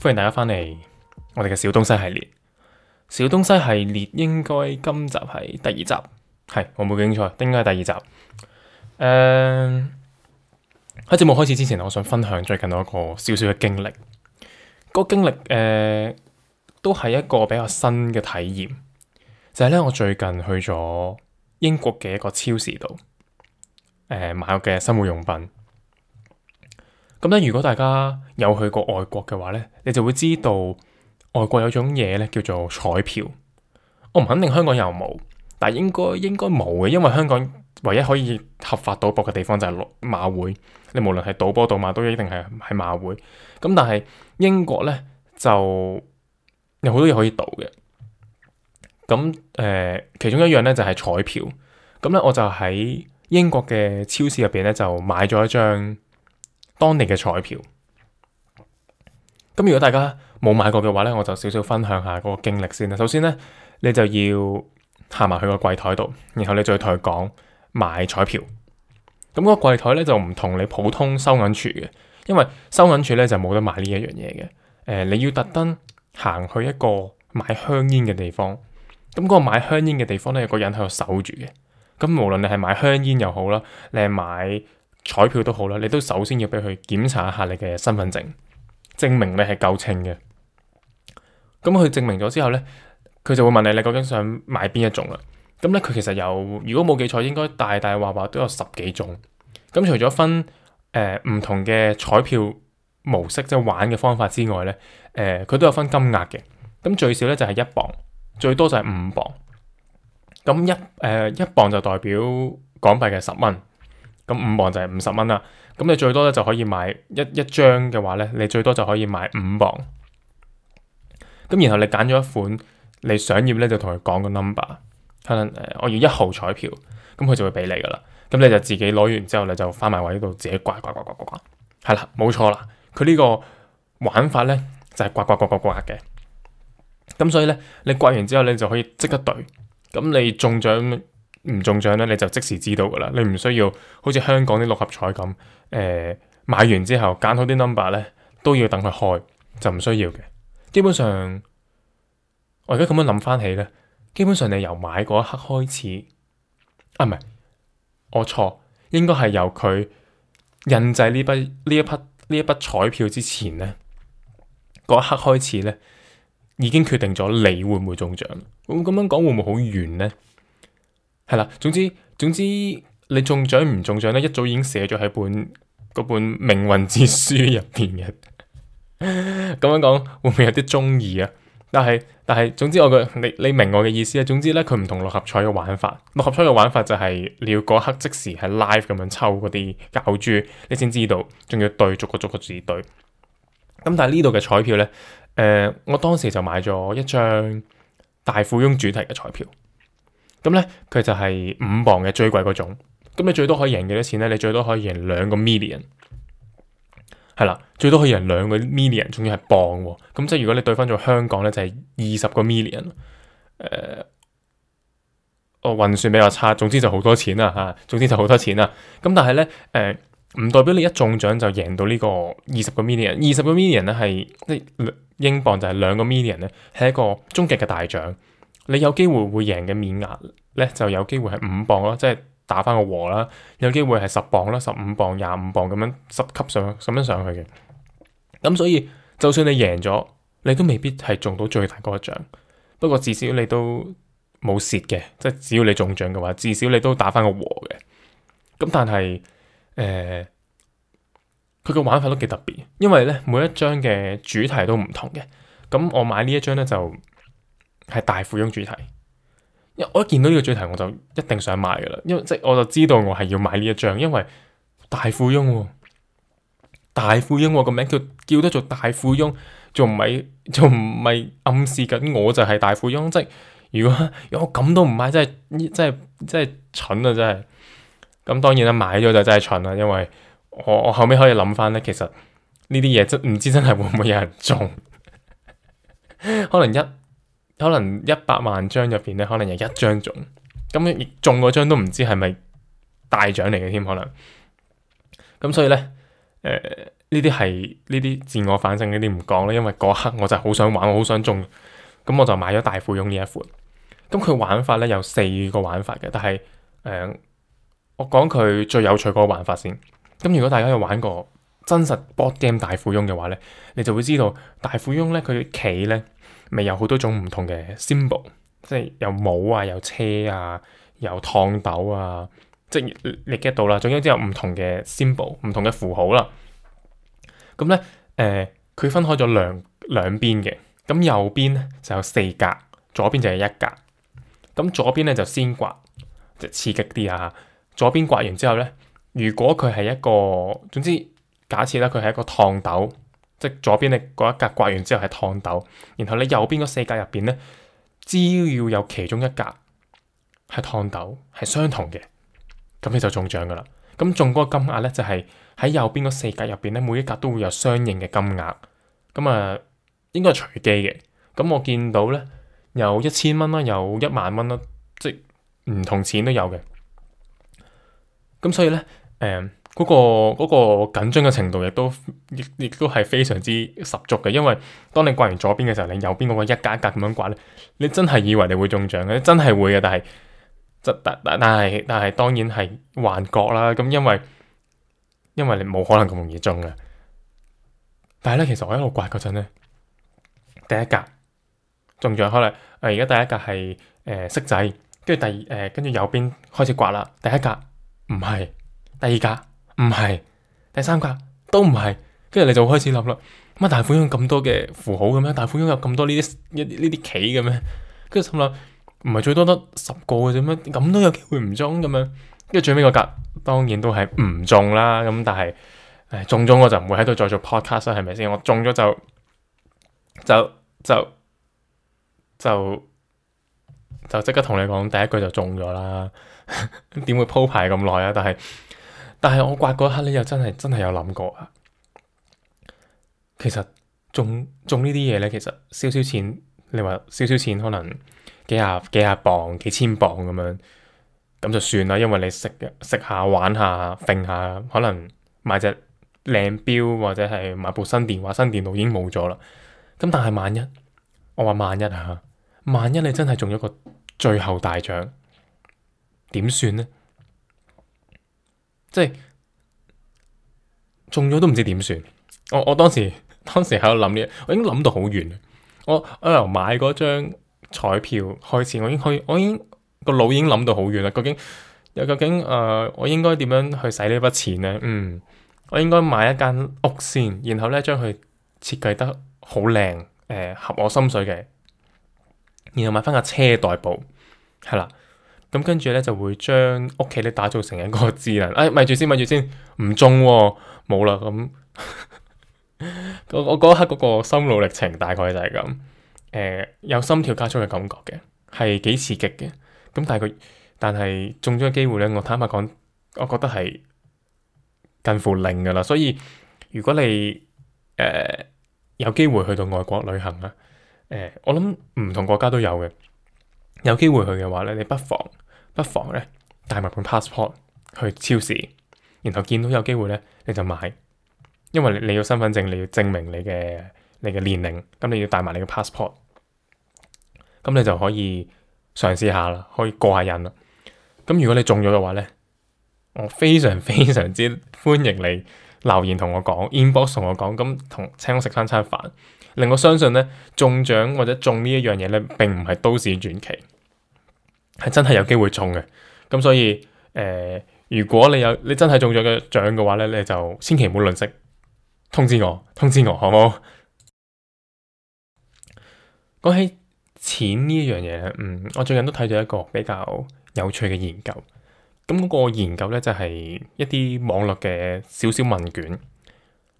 歡迎大家翻嚟我哋嘅小東西系列。小東西系列應該今集係第二集，係我冇記錯，應該係第二集。誒、呃，喺節目開始之前，我想分享最近我一個小小嘅經歷。嗰、這個經歷誒、呃，都係一個比較新嘅體驗，就係、是、咧我最近去咗英國嘅一個超市度，誒、呃、買嘅生活用品。咁咧，如果大家有去過外國嘅話咧，你就會知道外國有種嘢咧叫做彩票。我唔肯定香港有冇，但係應該應該冇嘅，因為香港唯一可以合法賭博嘅地方就係馬會。你無論係賭波賭馬都一定係喺馬會。咁但係英國咧就有好多嘢可以賭嘅。咁誒、呃，其中一樣咧就係、是、彩票。咁咧，我就喺英國嘅超市入邊咧就買咗一張，當地嘅彩票，咁如果大家冇買過嘅話咧，我就少少分享下嗰個經歷先啦。首先咧，你就要行埋去個櫃台度，然後你再同佢講買彩票。咁個櫃台咧就唔同你普通收銀處嘅，因為收銀處咧就冇得買呢一樣嘢嘅。誒、呃，你要特登行去一個買香煙嘅地方。咁嗰個買香煙嘅地方咧有個人喺度守住嘅。咁無論你係買香煙又好啦，你係買彩票都好啦，你都首先要俾佢檢查一下你嘅身份證，證明你係夠秤嘅。咁、嗯、佢證明咗之後呢，佢就會問你你究竟想買邊一種啦。咁、嗯、呢，佢其實有，如果冇記錯應該大大話話都有十幾種。咁、嗯嗯、除咗分誒唔、呃、同嘅彩票模式即係玩嘅方法之外呢，誒、呃、佢都有分金額嘅。咁、嗯、最少呢就係、是、一磅，最多就係五磅。咁、嗯、一誒、呃、一磅就代表港幣嘅十蚊。咁五磅就係五十蚊啦，咁你最多咧就可以買一一張嘅話咧，你最多就可以買五磅。咁然後你揀咗一款你想要咧，就同佢講個 number，可能我要一號彩票，咁佢就會俾你噶啦。咁你就自己攞完之後，你就翻埋位度自己刮刮刮刮刮，係啦，冇錯啦。佢呢個玩法咧就係刮刮刮刮刮嘅。咁所以咧，你刮完之後，你就可以即刻對。咁你中獎。唔中獎咧，你就即時知道噶啦，你唔需要好似香港啲六合彩咁，誒、呃、買完之後揀好啲 number 咧，都要等佢開，就唔需要嘅。基本上，我而家咁樣諗翻起咧，基本上你由買嗰一刻開始，啊唔係，我錯，應該係由佢印製呢筆呢一筆呢一筆彩票之前咧，嗰一刻開始咧，已經決定咗你會唔會中獎。咁咁樣講會唔會好遠咧？係啦，總之總之你中獎唔中獎咧，一早已經寫咗喺本嗰本命運之書入邊嘅。咁 樣講會唔會有啲中意啊？但係但係總之我嘅你你明我嘅意思啊。總之咧，佢唔同六合彩嘅玩法。六合彩嘅玩法就係你要嗰刻即時係 live 咁樣抽嗰啲膠珠，你先知道，仲要對逐個逐個字對。咁但係呢度嘅彩票咧，誒、呃，我當時就買咗一張大富翁主題嘅彩票。咁咧，佢、嗯、就係五磅嘅最貴嗰種。咁你最多可以贏幾多錢咧？你最多可以贏兩個 million，係啦，最多可以贏兩個 million，仲要係磅喎。咁、嗯、即係如果你兌翻咗香港咧，就係二十個 million。誒、呃，我運算比較差，總之就好多錢啊！嚇，總之就好多錢啊！咁、嗯、但係咧，誒、呃，唔代表你一中獎就贏到呢個二十個 million。二十個 million 咧係，即係英鎊就係兩個 million 咧，係一個終極嘅大獎。你有機會會贏嘅面額咧，就有機會係五磅咯，即係打翻個和啦；有機會係十磅啦，十五磅、廿五磅咁樣十級上咁樣上去嘅。咁所以，就算你贏咗，你都未必係中到最大嗰一獎。不過，至少你都冇蝕嘅，即係只要你中獎嘅話，至少你都打翻個和嘅。咁但係，誒、呃，佢個玩法都幾特別，因為咧每一張嘅主題都唔同嘅。咁我買呢一張咧就。係大富翁主題，我一見到呢個主題我就一定想買噶啦，因為即係我就知道我係要買呢一張，因為大富翁喎，大富翁喎，個名叫叫得做大富翁，仲唔係仲唔係暗示緊我就係大富翁？即係如，如果我咁都唔買，真係真係真係蠢啊！真係咁當然啦，買咗就真係蠢啦，啊，因為我我後尾可以諗翻咧，其實呢啲嘢真唔知真係會唔會有人中， 可能一。可能一百萬張入邊咧，可能有一張中，咁、嗯、中嗰張都唔知係咪大獎嚟嘅添，可能。咁所以咧，誒呢啲係呢啲自我反省，呢啲唔講啦，因為嗰刻我就係好想玩，我好想中，咁、嗯、我就買咗大富翁呢一款。咁、嗯、佢玩法咧有四個玩法嘅，但係誒、嗯，我講佢最有趣嗰個玩法先。咁、嗯、如果大家有玩過真實 board game 大富翁嘅話咧，你就會知道大富翁咧佢企咧。咪有好多種唔同嘅 symbol，即係有帽啊、有車啊、有熨斗啊，即係你 get 到啦。總之有唔同嘅 symbol、唔同嘅符號啦。咁咧，誒、呃，佢分開咗兩兩邊嘅。咁右邊咧就有四格，左邊就係一格。咁左邊咧就先刮，即係刺激啲啊！左邊刮完之後咧，如果佢係一個，總之假設咧佢係一個熨斗。即係左邊咧嗰一格刮完之後係燙斗，然後你右邊嗰四格入邊咧，只要有其中一格係燙斗，係相同嘅，咁你就中獎噶啦。咁中嗰個金額咧就係、是、喺右邊嗰四格入邊咧，每一格都會有相應嘅金額。咁啊、呃，應該係隨機嘅。咁我見到咧有一千蚊啦，有一萬蚊啦，即係唔同錢都有嘅。咁所以咧，誒、嗯。嗰個嗰個緊張嘅程度亦都亦亦都係非常之十足嘅，因為當你刮完左邊嘅時候，你右邊嗰個一格一格咁樣刮咧，你真係以為你會中獎嘅，真係會嘅，但係，就但但但係但係當然係幻覺啦。咁因為因為你冇可能咁容易中嘅。但係咧，其實我一路刮嗰陣咧，第一格中獎可能誒而家第一格係誒色仔，跟住第二誒跟住右邊開始刮啦，第一格唔係，第二格。唔係，第三格都唔係，跟住你就開始諗啦。乜大富翁有咁多嘅符號嘅咩？大富翁有咁多呢啲一呢啲棋嘅咩？跟住心諗，唔係最多得十個嘅啫咩？咁都有機會唔中咁樣。跟住最尾個格，當然都係唔中啦。咁但係，誒中咗我就唔會喺度再做 podcast 啦，係咪先？我中咗就就就就就即刻同你講第一句就中咗啦。點 會鋪排咁耐啊？但係。但係我刮嗰一刻咧，你又真係真係有諗過啊！其實中中呢啲嘢咧，其實少少錢，你話少少錢，可能幾廿幾廿磅，幾千磅咁樣，咁就算啦。因為你食食下，下，玩下、揈下，可能買隻靚表或者係買部新電話、新電腦已經冇咗啦。咁但係萬一，我話萬一下，啊，萬一你真係中咗個最後大獎，點算咧？即係中咗都唔知點算，我我當時當時喺度諗呢，我已經諗到好遠。我我由買嗰張彩票開始，我已經可我已經個腦已經諗到好遠啦。究竟究竟誒、呃，我應該點樣去使呢筆錢咧？嗯，我應該買一間屋先，然後咧將佢設計得好靚誒，合我心水嘅，然後買返架車代步，係啦。咁跟住咧就會將屋企咧打造成一個智能。哎，咪住先，咪住先，唔中喎、哦，冇啦咁。我嗰一刻嗰個心路歷程大概就係咁。誒、呃，有心跳加速嘅感覺嘅，係幾刺激嘅。咁但係佢，但係中咗嘅機會咧，我坦白講，我覺得係近乎零噶啦。所以如果你誒、呃、有機會去到外國旅行啊，誒、呃，我諗唔同國家都有嘅。有機會去嘅話咧，你不妨不妨咧帶埋本 passport 去超市，然後見到有機會咧你就買，因為你要身份證，你要證明你嘅你嘅年齡，咁你要帶埋你嘅 passport，咁你就可以嘗試下啦，可以過下癮啦。咁如果你中咗嘅話咧，我非常非常之歡迎你留言同我講 inbox 同我講，咁同請我食翻餐飯。令我相信咧中獎或者中呢一樣嘢咧，並唔係都市傳奇，係真係有機會中嘅。咁所以，誒、呃，如果你有你真係中咗個獎嘅話咧，你就千祈唔好吝嗇，通知我，通知我，好冇？好？講起 錢呢一樣嘢，嗯，我最近都睇咗一個比較有趣嘅研究。咁嗰個研究咧就係、是、一啲網絡嘅小小問卷。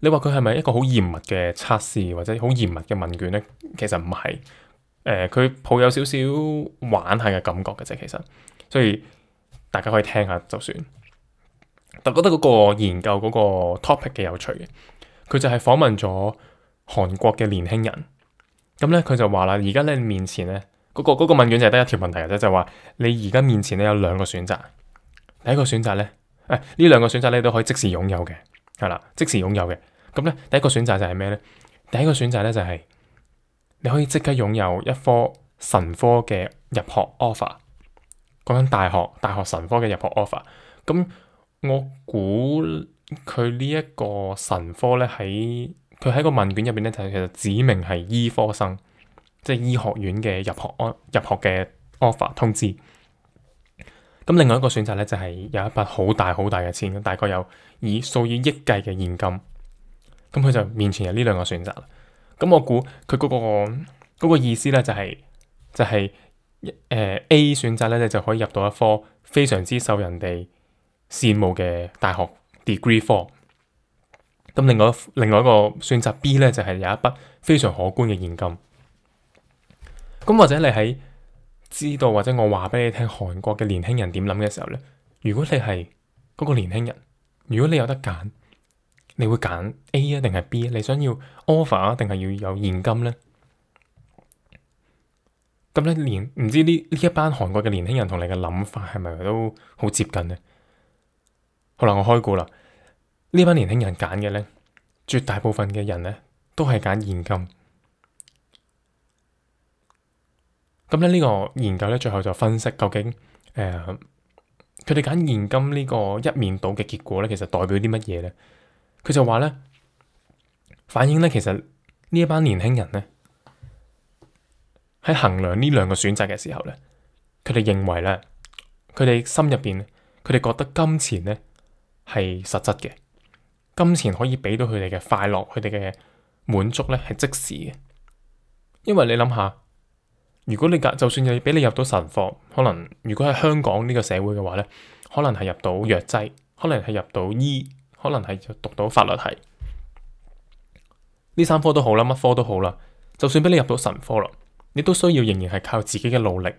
你話佢係咪一個好嚴密嘅測試或者好嚴密嘅問卷呢？其實唔係，誒、呃，佢抱有少少玩下嘅感覺嘅啫。其實，所以大家可以聽下就算。但我覺得嗰個研究嗰個 topic 嘅有趣嘅，佢就係訪問咗韓國嘅年輕人。咁咧，佢就話啦，而家咧面前咧，嗰、那個嗰、那個問卷就係得一條問題嘅啫，就話你而家面前咧有兩個選擇。第一個選擇咧，誒、哎，呢兩個選擇咧都可以即時擁有嘅，係啦，即時擁有嘅。咁咧，第一個選擇就係咩咧？第一個選擇咧就係你可以即刻擁有一科神科嘅入學 offer。講緊大學大學神科嘅入學 offer。咁我估佢呢一個神科咧，喺佢喺個問卷入邊咧，就其實指明係醫科生，即係醫學院嘅入學安入學嘅 offer 通知。咁另外一個選擇咧，就係有一筆好大好大嘅錢，大概有以數以億計嘅現金。咁佢就面前有呢兩個選擇，咁我估佢嗰個、嗰個意思咧就係、係、就係、係、誒、呃、A 選擇咧，咧你就可以入到一科非常之受人哋羨慕嘅大學 degree f 科。咁另外另外一個選擇 B 咧，就係、係、有一筆非常可觀嘅現金。咁或者你喺知道或者我話俾你聽韓國嘅年輕人點諗嘅時候咧，如果你係嗰個年輕人，如果你有得揀。你會揀 A 啊，定係 B 啊？你想要 offer 啊，定係要有現金呢？咁咧，連年唔知呢呢一班韓國嘅年輕人同你嘅諗法係咪都好接近呢？好啦，我開估啦，呢班年輕人揀嘅呢，絕大部分嘅人呢都係揀現金。咁咧呢個研究呢，最後就分析究竟誒，佢哋揀現金呢個一面倒嘅結果呢，其實代表啲乜嘢呢？佢就話咧，反映咧其實呢一班年輕人咧，喺衡量呢兩個選擇嘅時候咧，佢哋認為咧，佢哋心入邊，佢哋覺得金錢咧係實質嘅，金錢可以俾到佢哋嘅快樂，佢哋嘅滿足咧係即時嘅。因為你諗下，如果你揀，就算係俾你入到神科，可能如果喺香港呢個社會嘅話咧，可能係入到藥劑，可能係入到醫。可能係就讀到法律系呢三科都好啦，乜科都好啦。就算俾你入到神科啦，你都需要仍然係靠自己嘅努力，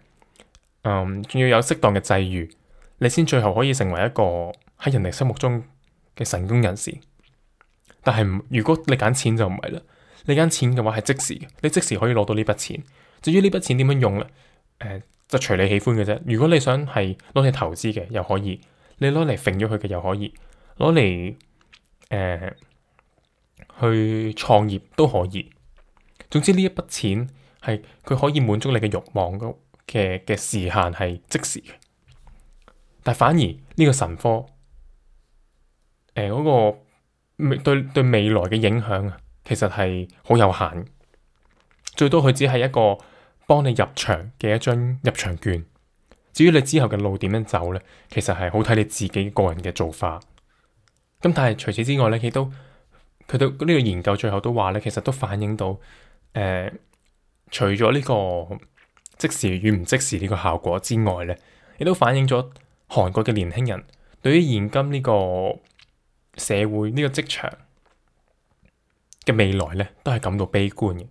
嗯，仲要有適當嘅際遇，你先最後可以成為一個喺人哋心目中嘅成功人士。但係唔，如果你揀錢就唔係啦，你揀錢嘅話係即時嘅，你即時可以攞到呢筆錢。至於呢筆錢點樣用呢？呃，就隨你喜歡嘅啫。如果你想係攞嚟投資嘅，又可以；你攞嚟揈咗佢嘅，又可以。攞嚟，誒、呃、去創業都可以。總之呢一筆錢係佢可以滿足你嘅慾望嘅嘅嘅時限係即時嘅，但反而呢個神科誒嗰個、呃嗰個對對,對未來嘅影響其實係好有限，最多佢只係一個幫你入場嘅一張入場券。至於你之後嘅路點樣走咧，其實係好睇你自己個人嘅做法。咁但係除此之外咧，佢都佢都呢個研究最後都話咧，其實都反映到誒、呃，除咗呢個即時與唔即時呢個效果之外咧，亦都反映咗韓國嘅年輕人對於現今呢個社會呢個職場嘅未來咧，都係感到悲觀嘅，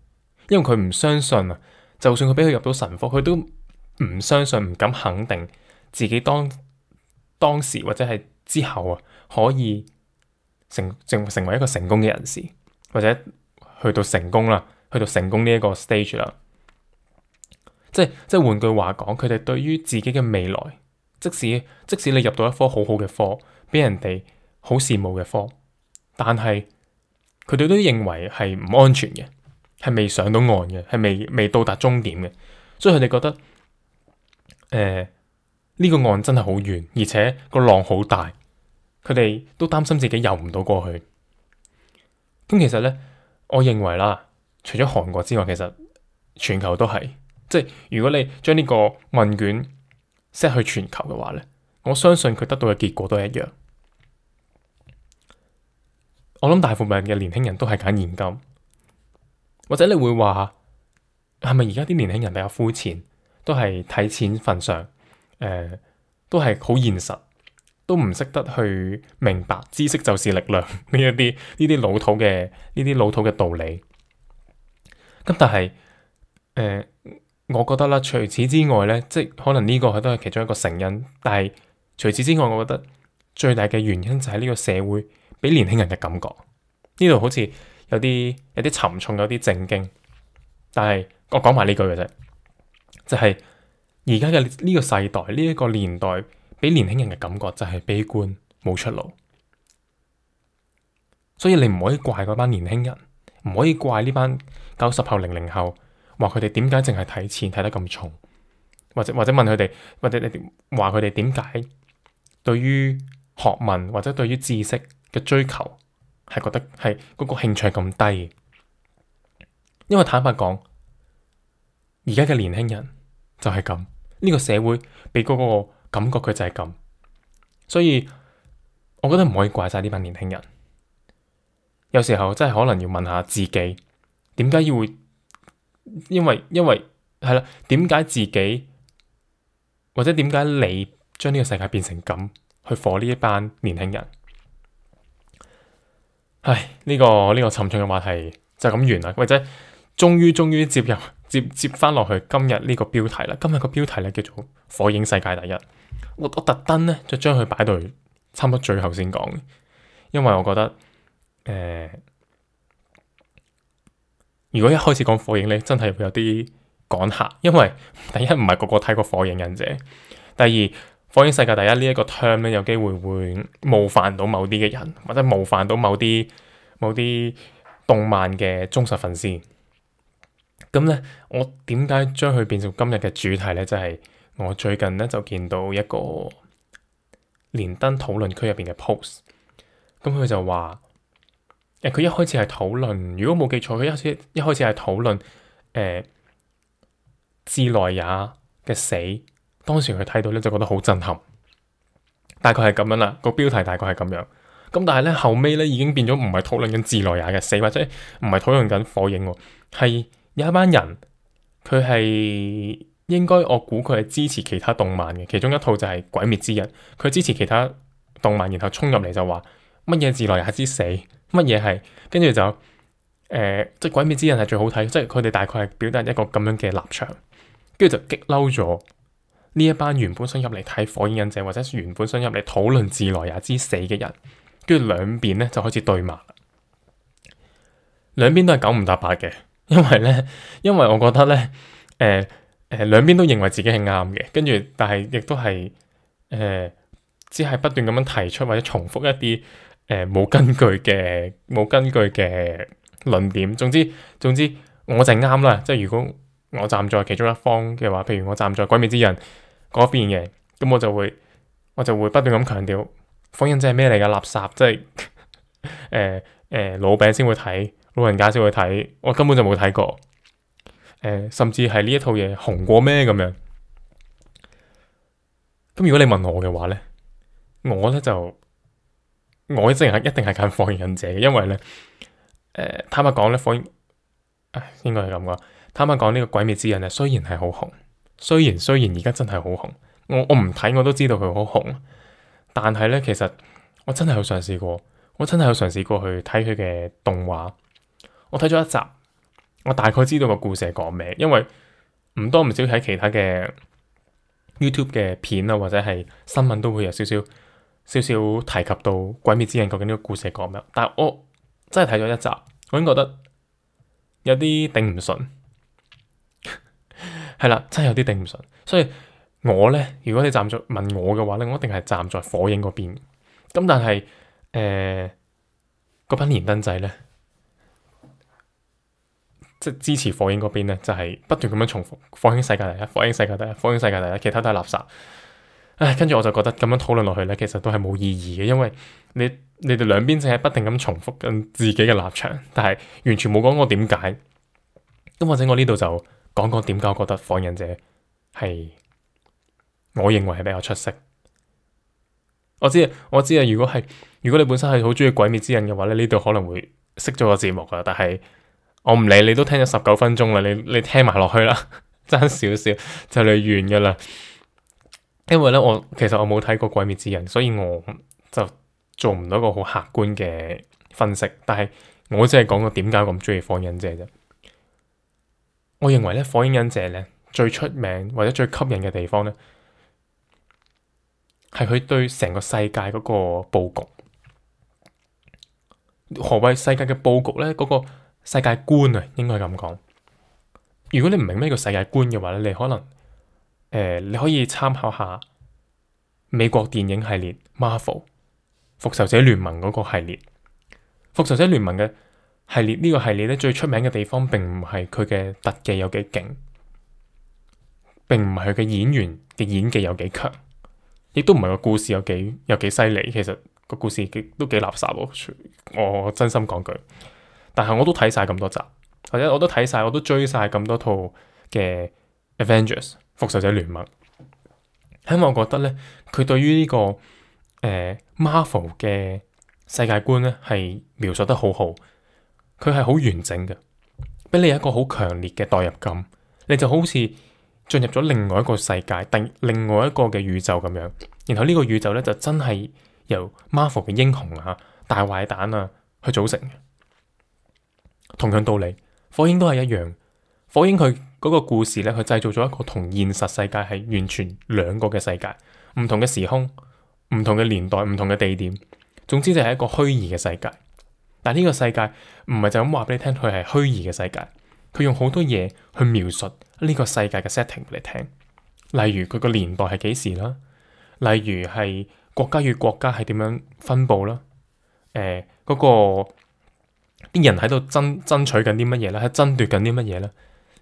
因為佢唔相信啊，就算佢俾佢入到神科，佢都唔相信、唔敢肯定自己當當時或者係之後啊可以。成成為一個成功嘅人士，或者去到成功啦，去到成功呢一個 stage 啦。即係即係換句話講，佢哋對於自己嘅未來，即使即使你入到一科好好嘅科，俾人哋好羨慕嘅科，但係佢哋都認為係唔安全嘅，係未上到岸嘅，係未未到達終點嘅，所以佢哋覺得誒呢個岸真係好遠，而且個浪好大。佢哋都擔心自己游唔到過去。咁其實咧，我認為啦，除咗韓國之外，其實全球都係，即係如果你將呢個問卷 set 去全球嘅話咧，我相信佢得到嘅結果都係一樣。我諗大部分嘅年輕人都係揀現金，或者你會話係咪而家啲年輕人比較膚淺，都係睇錢份上，誒、呃，都係好現實。都唔識得去明白知識就是力量呢一啲呢啲老土嘅呢啲老土嘅道理。咁但係誒、呃，我覺得啦，除此之外呢，即係可能呢個佢都係其中一個成因。但係除此之外，我覺得最大嘅原因就係呢個社會俾年輕人嘅感覺，呢度好似有啲有啲沉重，有啲正經。但係我講埋呢句嘅啫，就係而家嘅呢個世代，呢一個年代。俾年輕人嘅感覺就係悲觀，冇出路。所以你唔可以怪嗰班年輕人，唔可以怪呢班九十後零零後，話佢哋點解淨係睇錢睇得咁重，或者或者問佢哋，或者你話佢哋點解對於學問或者對於知識嘅追求係覺得係嗰個興趣咁低？因為坦白講，而家嘅年輕人就係咁，呢個社會俾嗰個。感覺佢就係咁，所以我覺得唔可以怪晒呢班年輕人。有時候真係可能要問下自己，點解要？因為因為係啦，點解自己或者點解你將呢個世界變成咁，去火呢一班年輕人？唉，呢個呢個沉重嘅話題就咁完啦，或者終於終於接入。接接翻落去今日呢個標題啦，今日個標題咧叫做《火影世界第一》，我我特登咧就將佢擺到差唔多最後先講，因為我覺得誒、呃，如果一開始講火影咧，真係會有啲趕客，因為第一唔係個個睇過《火影忍者》，第二《火影世界第一》呢一個 term 咧，有機會會冒犯到某啲嘅人，或者冒犯到某啲某啲動漫嘅忠實粉絲。咁咧，我點解將佢變成今日嘅主題咧？就係、是、我最近咧就見到一個連登討論區入邊嘅 post，咁佢就話，誒佢一開始係討論，如果冇記錯，佢一開始一開始係討論誒自來也嘅死，當時佢睇到咧就覺得好震撼，大概係咁樣啦，個標題大概係咁樣。咁但係咧後尾咧已經變咗唔係討論緊自來也嘅死，或者唔係討論緊火影喎，係。有一班人，佢係應該我估佢係支持其他動漫嘅，其中一套就係《鬼滅之刃》，佢支持其他動漫，然後衝入嚟就話乜嘢自來也之死，乜嘢係，跟住就誒，即係《鬼滅之刃》係最好睇，即係佢哋大概係表達一個咁樣嘅立場，跟住就激嬲咗呢一班原本想入嚟睇《火影忍者》或者原本想入嚟討論自來也之死嘅人，跟住兩邊咧就開始對罵，兩邊都係九唔搭八嘅。因為咧，因為我覺得咧，誒、呃、誒、呃，兩邊都認為自己係啱嘅，跟住但係亦都係，誒、呃、只係不斷咁樣提出或者重複一啲誒冇根據嘅冇根據嘅論點。總之總之，我就係啱啦。即係如果我站在其中一方嘅話，譬如我站在鬼滅之刃嗰邊嘅，咁我就會我就會不斷咁強調，火影真係咩嚟噶垃圾，即係誒誒老餅先會睇。老人家先會睇，我根本就冇睇過，誒、呃，甚至係呢一套嘢紅過咩咁樣？咁如果你問我嘅話咧，我咧就我一定係一定係揀《火影忍者》嘅，因為咧，誒、呃，坦白講咧，放《火影》誒應該係咁講，坦白講呢，這個《鬼滅之刃》咧，雖然係好紅，雖然雖然而家真係好紅，我我唔睇我都知道佢好紅，但係咧其實我真係有嘗試過，我真係有嘗試過去睇佢嘅動畫。我睇咗一集，我大概知道個故事係講咩，因為唔多唔少睇其他嘅 YouTube 嘅片啊，或者係新聞都會有少少少少提及到《鬼滅之刃》，究竟呢個故事係講咩。但係我真係睇咗一集，我已經覺得有啲頂唔順，係 啦， 真係有啲頂唔順。所以我咧，如果你站在問我嘅話咧，我一定係站在火影嗰邊。咁但係誒，嗰班連登仔咧。即支持火影嗰邊咧，就係不斷咁樣重複火影世界第一，火影世界第一，火影世界第一，其他都係垃圾。唉，跟住我就覺得咁樣討論落去咧，其實都係冇意義嘅，因為你你哋兩邊淨係不停咁重複緊自己嘅立場，但係完全冇講過點解。咁或者我呢度就講講點解我覺得火影忍者係我認為係比較出色。我知我知啊，如果係如果你本身係好中意鬼滅之刃嘅話咧，呢度可能會識咗個節目噶，但係。我唔理你都聽咗十九分鐘啦，你你聽埋落去啦，爭少少就嚟完噶啦。因為咧，我其實我冇睇過《鬼滅之刃》，所以我就做唔到一個好客觀嘅分析。但係我只係講個點解我咁中意《火影忍者》啫。我認為咧，《火影忍者》咧，最出名或者最吸引嘅地方咧，係佢對成個世界嗰個佈局。何謂世界嘅佈局咧？嗰個？世界觀啊，應該咁講。如果你唔明咩叫世界觀嘅話咧，你可能誒、呃，你可以參考下美國電影系列《Marvel》復仇者聯盟嗰個系列。復仇者聯盟嘅系列呢個系列咧，最出名嘅地方並唔係佢嘅特技有幾勁，並唔係佢嘅演員嘅演技有幾強，亦都唔係個故事有幾有幾犀利。其實個故事幾都幾垃圾咯，我真心講句。但係我都睇晒咁多集，或者我都睇晒，我都追晒咁多套嘅 Avengers 復仇者聯盟。因為我覺得咧，佢對於呢、這個誒、呃、Marvel 嘅世界觀咧係描述得好好，佢係好完整嘅，俾你有一個好強烈嘅代入感，你就好似進入咗另外一個世界，定另外一個嘅宇宙咁樣。然後呢個宇宙咧就真係由 Marvel 嘅英雄啊、大壞蛋啊去組成同樣道理，火影都係一樣。火影佢嗰個故事咧，佢製造咗一個同現實世界係完全兩個嘅世界，唔同嘅時空，唔同嘅年代，唔同嘅地點。總之就係一個虛擬嘅世界。但呢個世界唔係就咁話俾你聽，佢係虛擬嘅世界。佢用好多嘢去描述呢個世界嘅 setting 俾你聽，例如佢個年代係幾時啦，例如係國家與國家係點樣分布啦，誒，嗰個。啲人喺度爭爭取緊啲乜嘢咧？喺爭奪緊啲乜嘢咧？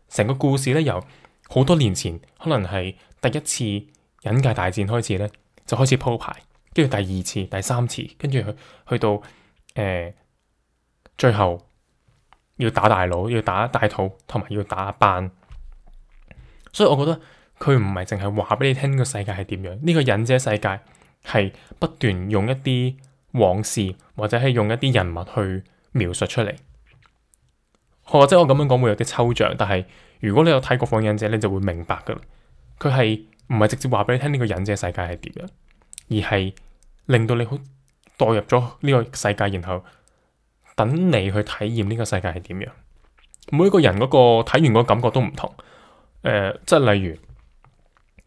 成個故事咧，由好多年前可能係第一次忍界大戰開始咧，就開始鋪排，跟住第二次、第三次，跟住去去到誒、呃、最後要打大佬，要打大肚，同埋要打斑。所以我覺得佢唔係淨係話俾你聽個世界係點樣。呢、這個忍者世界係不斷用一啲往事或者係用一啲人物去。描述出嚟，或者我咁樣講會有啲抽象。但係如果你有睇過《火影忍者》，你就會明白噶啦。佢係唔係直接話俾你聽呢個忍者世界係點樣，而係令到你好代入咗呢個世界，然後等你去體驗呢個世界係點樣。每個人嗰個睇完個感覺都唔同。誒、呃，即係例如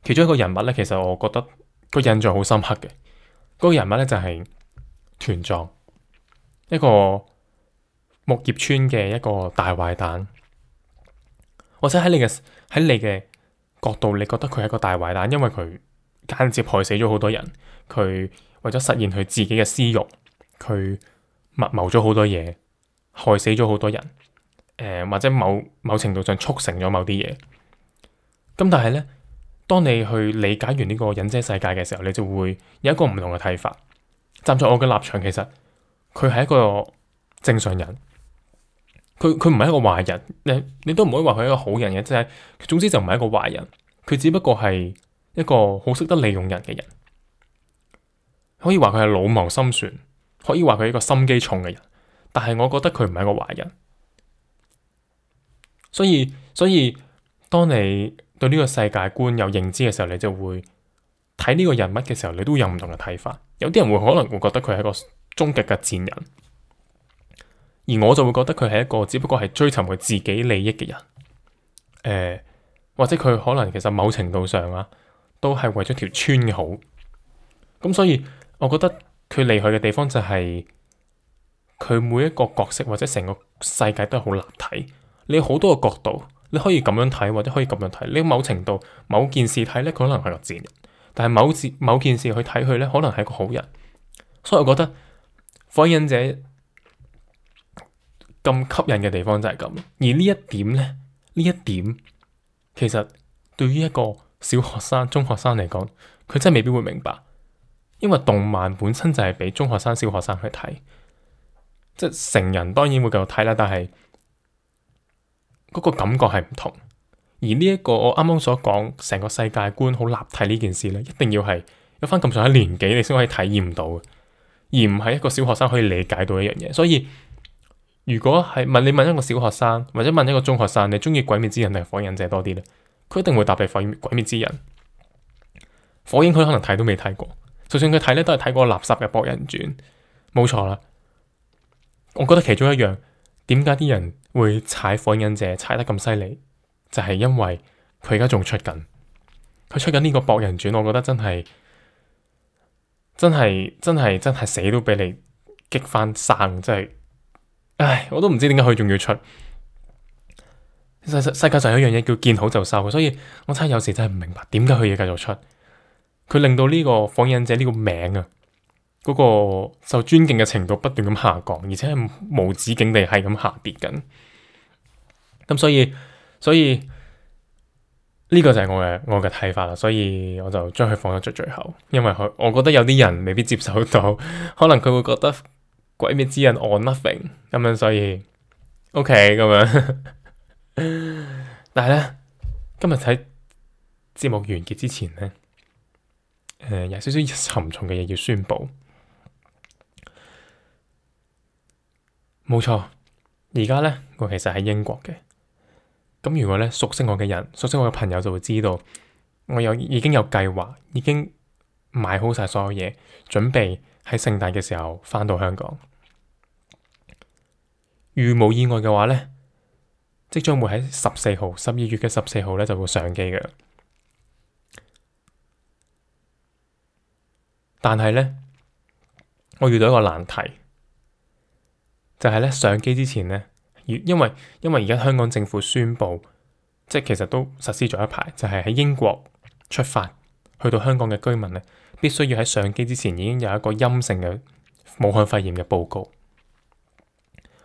其中一個人物咧，其實我覺得個印象好深刻嘅嗰、嗰個人物咧就係團藏一個。木葉村嘅一個大壞蛋，或者喺你嘅喺你嘅角度，你覺得佢係一個大壞蛋，因為佢間接害死咗好多人。佢為咗實現佢自己嘅私欲，佢密謀咗好多嘢，害死咗好多人。誒、呃，或者某某程度上促成咗某啲嘢。咁但係咧，當你去理解完呢個忍者世界嘅時候，你就會有一個唔同嘅睇法。站在我嘅立場，其實佢係一個正常人。佢佢唔係一個壞人，你你都唔可以話佢係一個好人嘅，即係總之就唔係一個壞人。佢只不過係一個好識得利用人嘅人，可以話佢係老謀深算，可以話佢係一個心機重嘅人。但係我覺得佢唔係一個壞人，所以所以當你對呢個世界觀有認知嘅時候，你就會睇呢個人物嘅時候，你都有唔同嘅睇法。有啲人會可能會覺得佢係一個終極嘅賤人。而我就會覺得佢係一個只不過係追尋佢自己利益嘅人，誒、呃，或者佢可能其實某程度上啊，都係為咗條村嘅好。咁所以，我覺得佢厲害嘅地方就係、是、佢每一個角色或者成個世界都係好立體。你好多個角度，你可以咁樣睇或者可以咁樣睇。你某程度某件事睇咧，佢可能係個賤人，但係某事某件事去睇佢咧，可能係個好人。所以我覺得《火影忍者》。咁吸引嘅地方就係咁，而呢一點呢，呢一點其實對於一個小學生、中學生嚟講，佢真係未必會明白，因為動漫本身就係俾中學生、小學生去睇，即係成人當然會繼續睇啦，但係嗰個感覺係唔同。而呢一個我啱啱所講，成個世界觀好立體呢件事呢，一定要係有翻咁上下年紀你先可以體驗到嘅，而唔係一個小學生可以理解到一樣嘢，所以。如果係問你問一個小學生或者問一個中學生，你中意鬼滅之刃定係火影忍者多啲咧？佢一定會答俾鬼滅之刃。火影佢可能睇都未睇過，就算佢睇咧，都係睇過垃圾嘅博人傳，冇錯啦。我覺得其中一樣，點解啲人會踩火影忍者踩得咁犀利？就係因為佢而家仲出緊，佢出緊呢個博人傳，我覺得真係真係真係真係死都俾你激翻生，真係。唉，我都唔知點解佢仲要出。世世，世界上有一樣嘢叫見好就收，所以我真係有時真係唔明白點解佢要繼續出。佢令到呢個《火影忍者》呢個名啊，嗰、嗰個受尊敬嘅程度不斷咁下降，而且係無，無止境地係咁下跌緊。咁所以，所以呢、呢個就係我嘅我嘅睇法啦。所以我就將佢放咗在最，最後，因為佢，我覺得有啲人未必接受到，可能佢會覺得。鬼滅之刃 or nothing 咁樣，所以 OK 咁樣。 但係咧，今日睇節目完結之前咧，誒、呃，有少少沉重嘅嘢要宣佈。冇錯，而家咧，我其實喺英國嘅。咁如果咧，熟悉我嘅人，熟悉我嘅朋友就會知道，我有已經有計劃，已經買好晒所有嘢，準備喺聖誕嘅時候返到香港。如無意外嘅話咧，即將會喺十四號，十二月嘅十四號咧就會上機㗎啦。但係咧，我遇到一個難題，就係咧，上機之前咧，因為因為因為而家香港政府宣布，即係其實都實施咗一排，就係喺英國出發去到香港嘅居民咧，必須要喺上機之前已經有一個陰性嘅武漢肺炎嘅報告。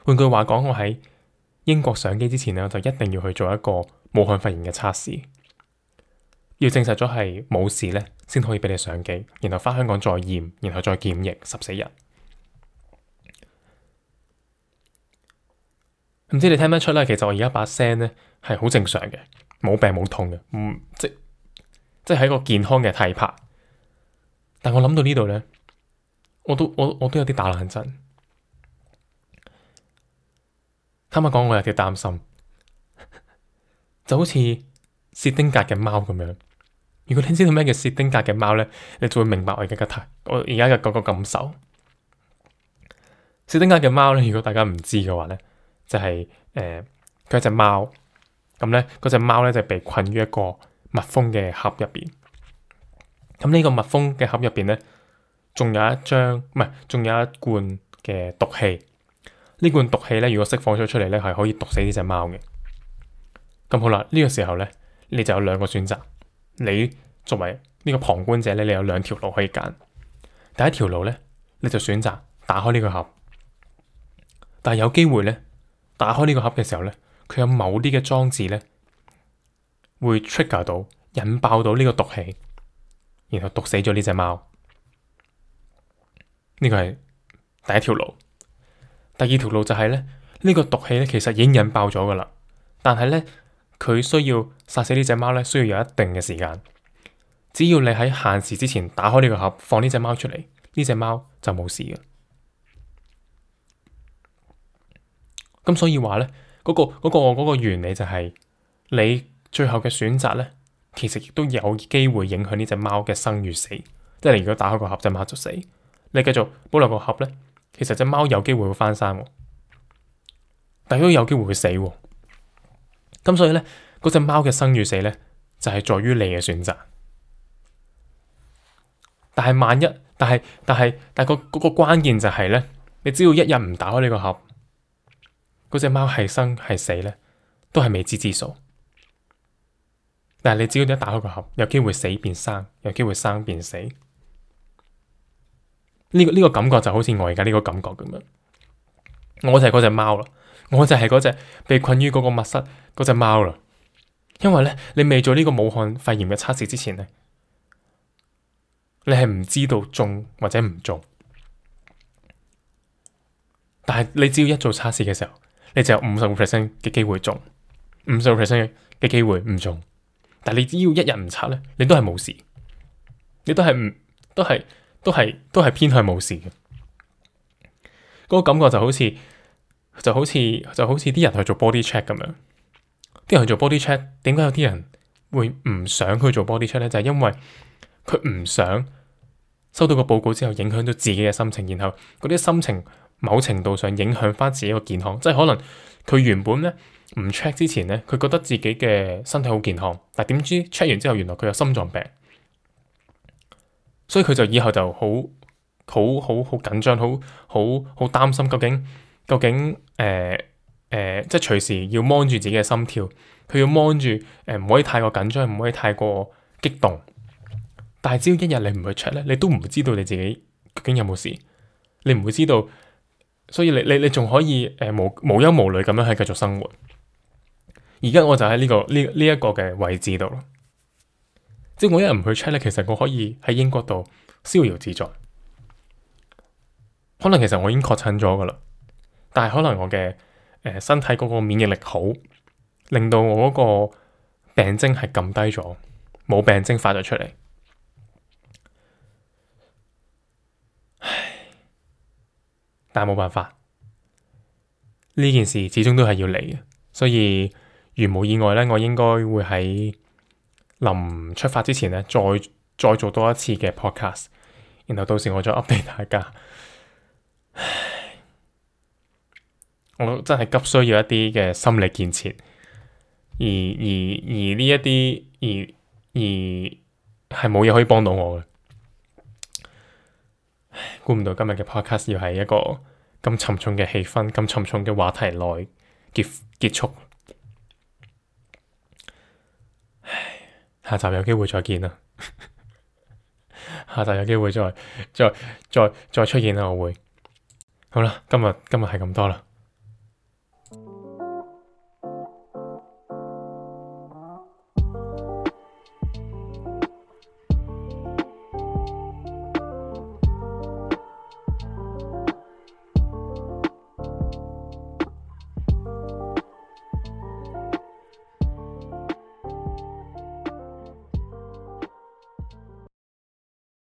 換句話講，我喺英國上機之前咧，我就一定要去做一個武漢肺炎嘅測試，要證實咗係冇事呢，先可以俾你上機，然後翻香港再驗，然後再檢疫十四日。唔知你聽得出咧？其實我而家把聲呢係好正常嘅，冇病冇痛嘅，嗯，即即係一個健康嘅體魄。但我諗到呢度呢，我都我我都有啲打冷震。啱啱講，我有啲擔心， 就好似薛丁格嘅貓咁樣。如果你知道咩叫薛丁格嘅貓呢，你就會明白我而家嘅態，我而家嘅嗰個感受。薛 丁格嘅貓呢，如果大家唔知嘅話呢，就係、是、誒，佢、呃、一隻貓，咁呢，嗰隻貓呢，就被困於一個密封嘅盒入邊。咁呢個密封嘅盒入邊呢，仲有一張唔係，仲、呃、有一罐嘅毒氣。呢罐毒氣咧，如果釋放咗出嚟咧，係可以毒死呢隻貓嘅。咁好啦，呢個時候咧，你就有兩個選擇。你作為呢個旁觀者咧，你有兩條路可以揀。第一條路咧，你就選擇打開呢個盒，但係有機會咧，打開呢個盒嘅時候咧，佢有某啲嘅裝置咧會 trigger 到，引爆到呢個毒氣，然後毒死咗呢隻貓。呢個係第一條路。第二條路就係咧，呢個毒氣咧，其實已經引爆咗噶啦，但係咧，佢需要殺死呢隻貓咧，需要有一定嘅時間。只要你喺限時之前打開呢個盒，放呢隻貓出嚟，呢隻貓就冇事嘅。咁所以話咧，嗰個嗰個原理就係你最後嘅選擇咧，其實亦都有機會影響呢隻貓嘅生與死。即係你如果打開個盒，隻貓就死；你繼續保留個盒咧。其實隻貓有機會會翻生，但係都有機會會死。咁所以呢，嗰隻貓嘅生與死呢，就係在於你嘅選擇。但係萬一，但係但係但係嗰嗰個關鍵就係呢：你只要一日唔打開呢個盒，嗰隻貓係生係死呢，都係未知之數。但係你只要一打開個盒，有機會死變生，有機會生變死。呢、這個呢、這個感覺就好似我而家呢個感覺咁樣，我就係嗰隻貓啦，我就係嗰隻被困於嗰個密室嗰隻貓啦。因為咧，你未做呢個武漢肺炎嘅測試之前咧，你係唔知道中或者唔中。但係你只要一做測試嘅時候，你就有五十個 percent 嘅機會中，五十個 percent 嘅機會唔中。但係你只要一日唔測咧，你都係冇事，你都係唔都係。都係都係偏向冇事嘅，嗰個感覺就好似就好似就好似啲人去做 body check 咁樣，啲人去做 body check，點解有啲人會唔想去做 body check 咧？就係因為佢唔想收到個報告之後影響到自己嘅心情，然後嗰啲心情某程度上影響翻自己個健康。即係可能佢原本咧唔 check 之前咧，佢覺得自己嘅身體好健康，但係點知 check 完之後，原來佢有心臟病。所以佢就以後就好好好好緊張，好好好擔心究，究竟究竟誒誒，即係隨時要摸住自己嘅心跳，佢要摸住誒，唔可以太過緊張，唔可以太過激動。但係只要一日你唔去 check 咧，你都唔知道你自己究竟有冇事，你唔會知道。所以你你你仲可以誒、呃、無無憂無慮咁樣去繼續生活。而家我就喺呢、呢個呢呢一個嘅、呢個、位置度咯。即係我一日唔去 check 咧，其實我可以喺英國度逍遙自在。可能其實我已經確診咗噶啦，但係可能我嘅誒、呃、身體嗰個免疫力好，令到我嗰個病徵係撳低咗，冇病徵發咗出嚟。唉，但係冇辦法，呢件事始終都係要嚟嘅。所以如無意外咧，我應該會喺。臨出發之前呢，再再做多一次嘅 podcast，然後到時我再 update 大家。唉，我真係急需要一啲嘅心理建設，而而而呢一啲而而係冇嘢可以幫到我嘅。唉，估唔到今日嘅 podcast 要係一個咁沉重嘅氣氛、咁沉重嘅話題內結結束。下集有機會再見啦！ 下集有機會再再再再出現啦！我會。好啦，今日今日係咁多啦。